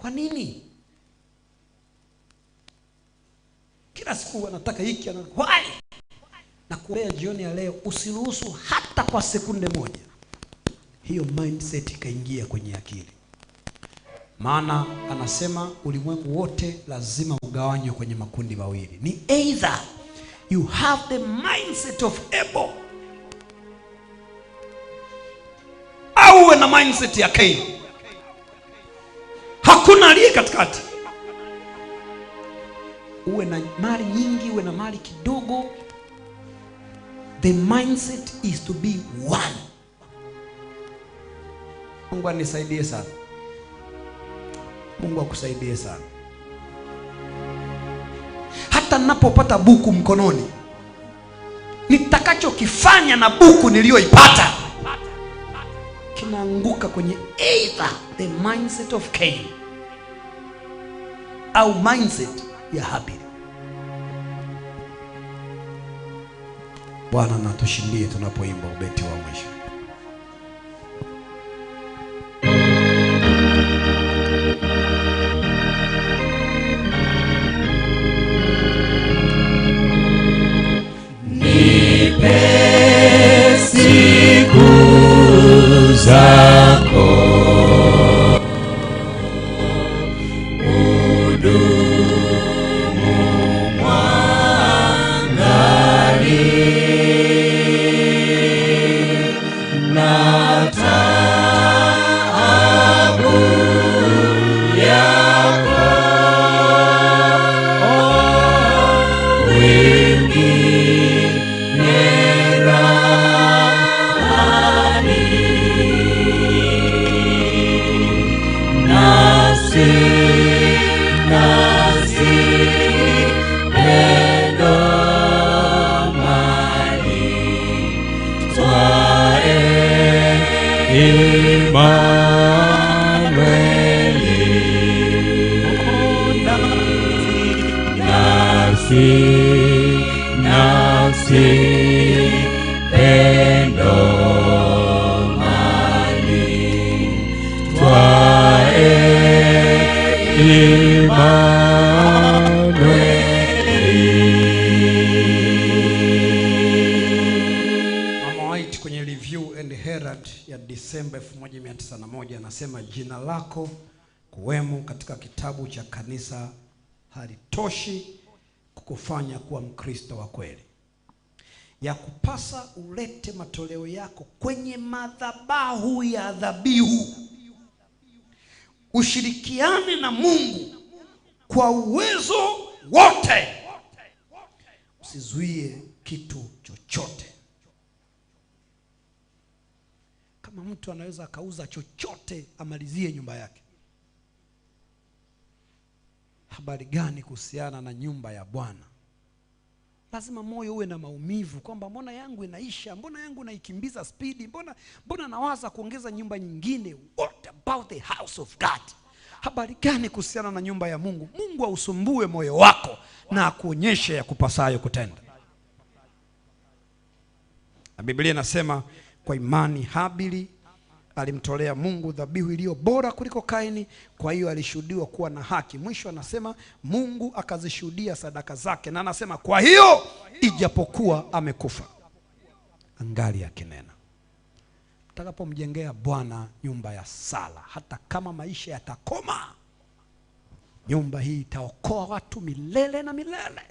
Kwa nini kila siku anataka hiki anawai? Na kuombea jioni ya leo, usiruhusu hata kwa sekunde moja hiyo mindset ikaingia kwenye akili, maana anasema ulimwengu wote lazima ugawanywe kwenye makundi mawili, ni either you have the mindset of Abel au uwe na mindset ya Cain hakuna aliye katikati. Uwe na mali nyingi, uwe na mali kidogo, the mindset is to be one. Mungu anisaidie sana, Mungu akusaidie sana. Hata ninapopata buku mkononi, nitakachokifanya na buku niliyoipata kinaanguka kwenye either the mindset of Cain au mindset ya Habili. Bwana natushindie tunapoimba ubeti wa mwisho. Disemba 1901 anasema, jina lako kuwemo katika kitabu cha kanisa halitoshi kukufanya kuwa Mkristo wa kweli. Ya kupasa ulete matoleo yako kwenye madhabahu ya dhabihu, ushirikiane na Mungu kwa uwezo wote, usizuie kitu chochote. kama mtu anaweza akauza chochote amalizie nyumba yake, habari gani kuhusiana na nyumba ya Bwana? Lazima moyo uwe na maumivu kwamba mbona yangu inaisha, mbona yangu naikimbiza spidi, mbona mbona nawaza kuongeza nyumba nyingine. What about the house of God? Habari gani kuhusiana na nyumba ya Mungu? Mungu ausumbue moyo wako na akuonyeshe ya kupasayo kutenda, na Biblia inasema kwa imani Habili alimtolea Mungu dhabihu iliyo bora kuliko Kaini, kwa hiyo alishuhudiwa kuwa na haki. Mwisho anasema Mungu akazishuhudia sadaka zake, na anasema kwa hiyo ijapokuwa amekufa angali akinena. Mtakapomjengea Bwana nyumba ya sala, hata kama maisha yatakoma, nyumba hii itaokoa watu milele na milele.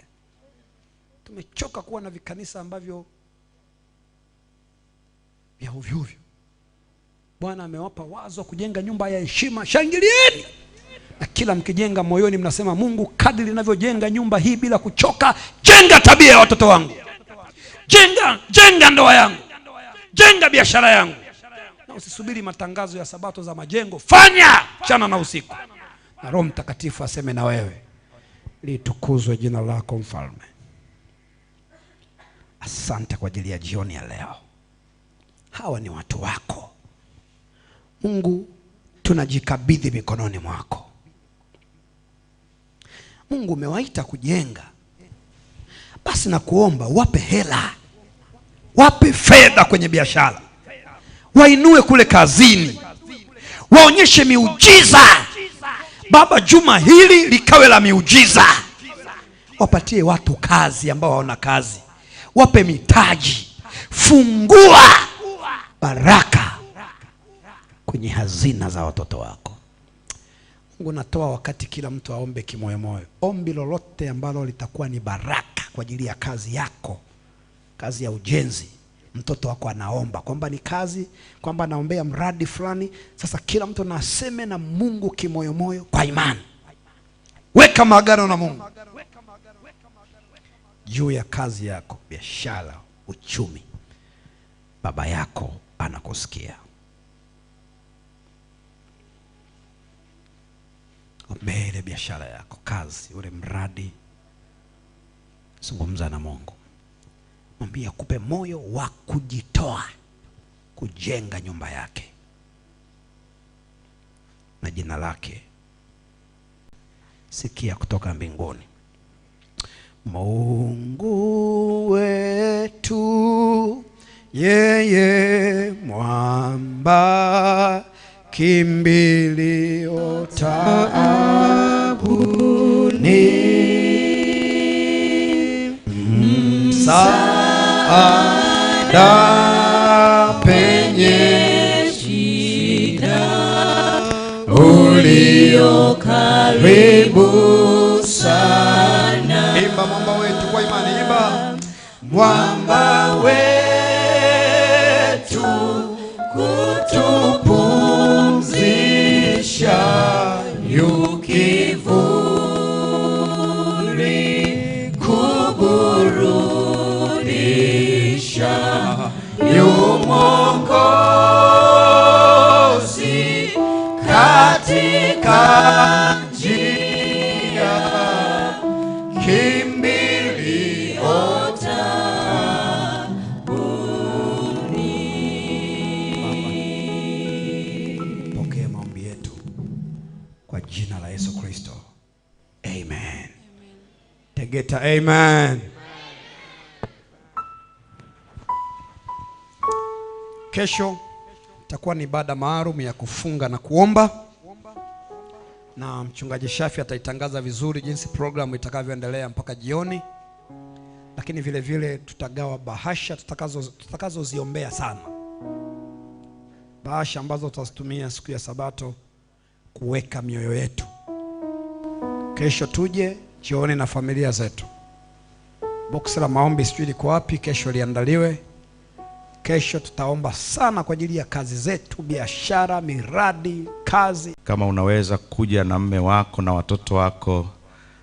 Tumechoka kuwa na vikanisa ambavyo vya ovyo Bwana amewapa wazo kujenga nyumba ya heshima, shangilieni. Na kila mkijenga moyoni mnasema, Mungu, kadri linavyojenga nyumba hii bila kuchoka, jenga tabia ya watoto wangu, jenga jenga ndoa yangu, jenga biashara yangu. Na usisubiri matangazo ya sabato za majengo, fanya mchana na usiku, na Roho Mtakatifu aseme na wewe. Litukuzwe jina lako, Mfalme. Asante kwa ajili ya jioni ya leo hawa ni watu wako. Mungu, tunajikabidhi mikononi mwako. Mungu umewaita kujenga, basi na kuomba wape hela, wape fedha kwenye biashara, wainue kule kazini, waonyeshe miujiza. Baba, juma hili likawe la miujiza. Wapatie watu kazi ambao hawana kazi, wape mitaji, fungua baraka kwenye hazina za watoto wako. Mungu, natoa wakati kila mtu aombe kimoyomoyo, ombi lolote ambalo litakuwa ni baraka kwa ajili ya kazi yako, kazi ya ujenzi mtoto wako anaomba kwamba ni kazi, kwamba anaombea mradi fulani. Sasa kila mtu na aseme na Mungu kimoyomoyo, kwa imani, weka maagano na Mungu juu ya kazi yako, biashara, uchumi. Baba yako anakusikia. Ombea biashara yako, kazi, ule mradi, zungumza na Mungu, mwambie akupe moyo wa kujitoa kujenga nyumba yake na jina lake. Sikia kutoka mbinguni. Mungu wetu yeye mwamba, kimbilio taabuni, msaada penye shida, ulio karibu sana. Imba mwamba wetu kwa imani, imba mwamba geta Amen. Kesho itakuwa ni ibada maalum ya kufunga na kuomba, na mchungaji Shafi ataitangaza vizuri jinsi programu itakavyoendelea mpaka jioni, lakini vile vile tutagawa bahasha tutakazo tutakazoziombea sana, bahasha ambazo tutazitumia siku ya Sabato kuweka mioyo yetu. Kesho tuje jioni na familia zetu. Boksi la maombi sijui liko wapi, kesho liandaliwe. Kesho tutaomba sana kwa ajili ya kazi zetu, biashara, miradi, kazi. Kama unaweza kuja na mme wako na watoto wako,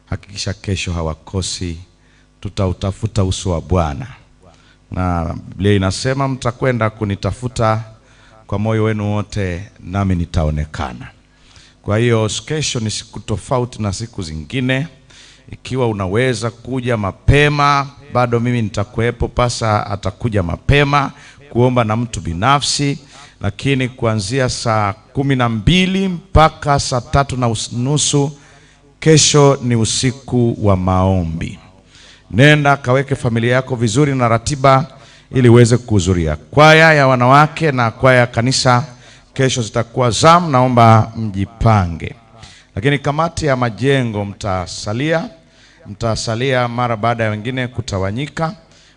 hakikisha kesho hawakosi. Tutautafuta uso wa Bwana, na Biblia inasema mtakwenda kunitafuta kwa moyo wenu wote, nami nitaonekana. Kwa hiyo kesho ni siku tofauti na siku zingine. Ikiwa unaweza kuja mapema, bado mimi nitakuwepo. Pasa atakuja mapema kuomba na mtu binafsi, lakini kuanzia saa kumi na mbili mpaka saa tatu na nusu kesho ni usiku wa maombi. Nenda kaweke familia yako vizuri na ratiba ili uweze kuhudhuria. Kwaya ya wanawake na kwaya ya kanisa kesho zitakuwa zamu, naomba mjipange. Lakini kamati ya majengo mtasalia, mtasalia mara baada ya wengine kutawanyika.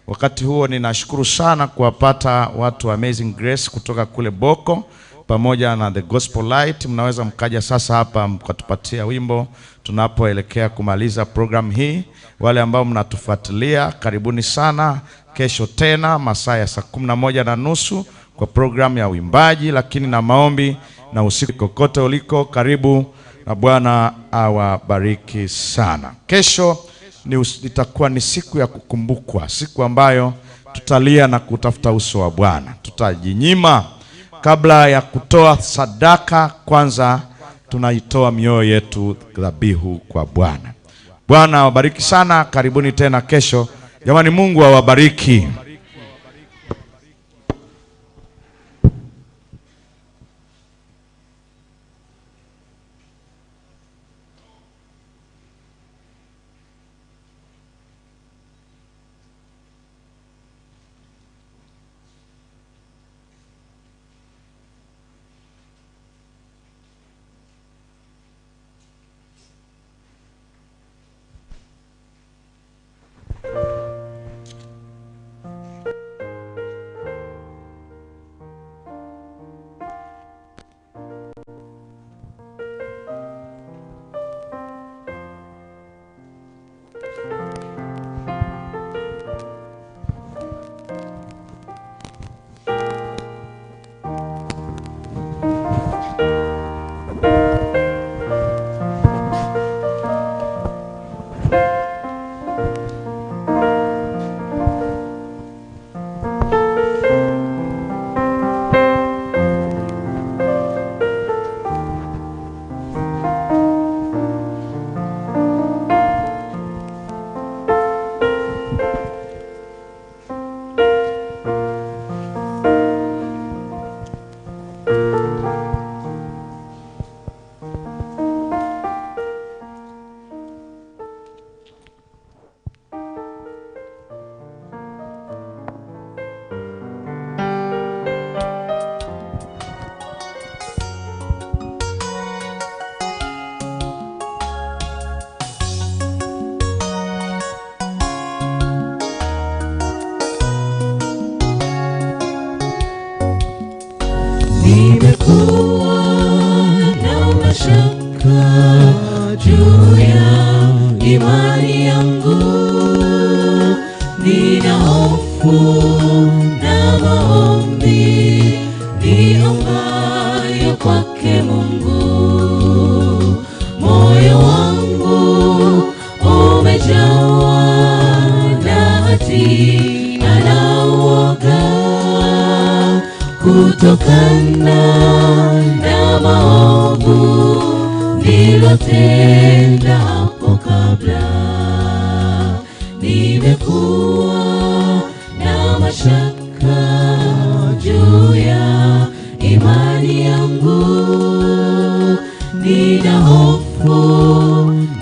Wakati huo ninashukuru sana kuwapata watu wa Amazing Grace kutoka kule Boko pamoja na The Gospel Light. Mnaweza mkaja sasa hapa mkatupatia wimbo tunapoelekea kumaliza program hii. Wale ambao mnatufuatilia, karibuni sana kesho tena masaa ya saa kumi na moja na nusu kwa programu ya uimbaji, lakini na maombi, na usiku kokote uliko, karibu na Bwana awabariki sana. Kesho ni itakuwa ni siku ya kukumbukwa, siku ambayo tutalia na kutafuta uso wa Bwana. Tutajinyima kabla ya kutoa sadaka, kwanza tunaitoa mioyo yetu dhabihu kwa Bwana. Bwana awabariki sana, karibuni tena kesho jamani. Mungu awabariki. Sina hofu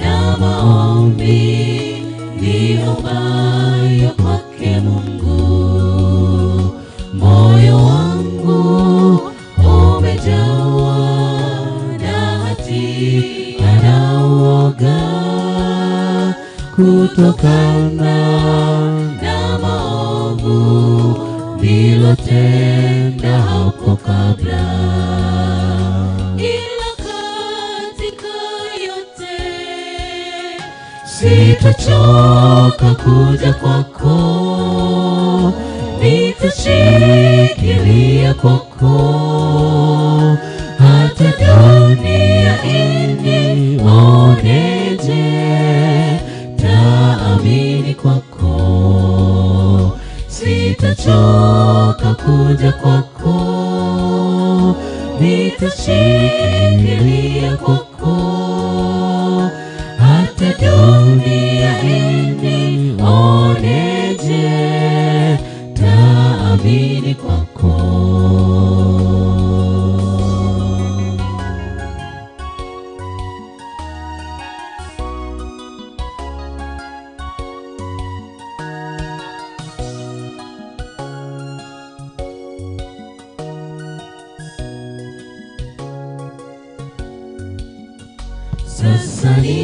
na maombi niombayo kwake Mungu, moyo wangu umejawa na hatia na uoga, kutokana na maovu nilotenda hapo kabla Sitachoka kuja kwako, nitashikilia kwako, hata dunia inioneje, taamini kwako. Sitachoka kuja kwako, nitashikilia kwako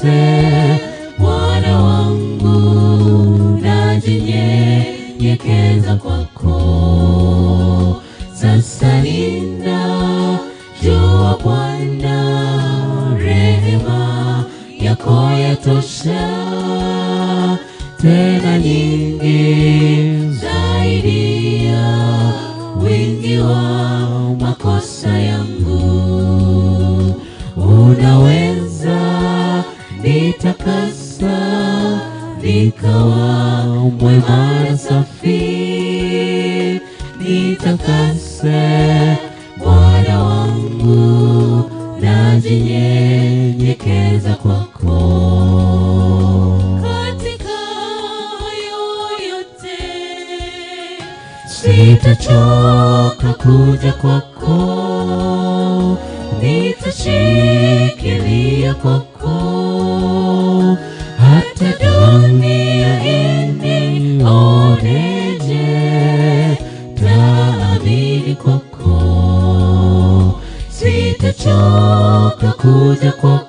子。nikawa mwema mara safi, nitakase Bwana wangu, najinyenyekeza kwako. Katika hayo yote sitachoka kuja kwako, nitashikilia kwako 不结果。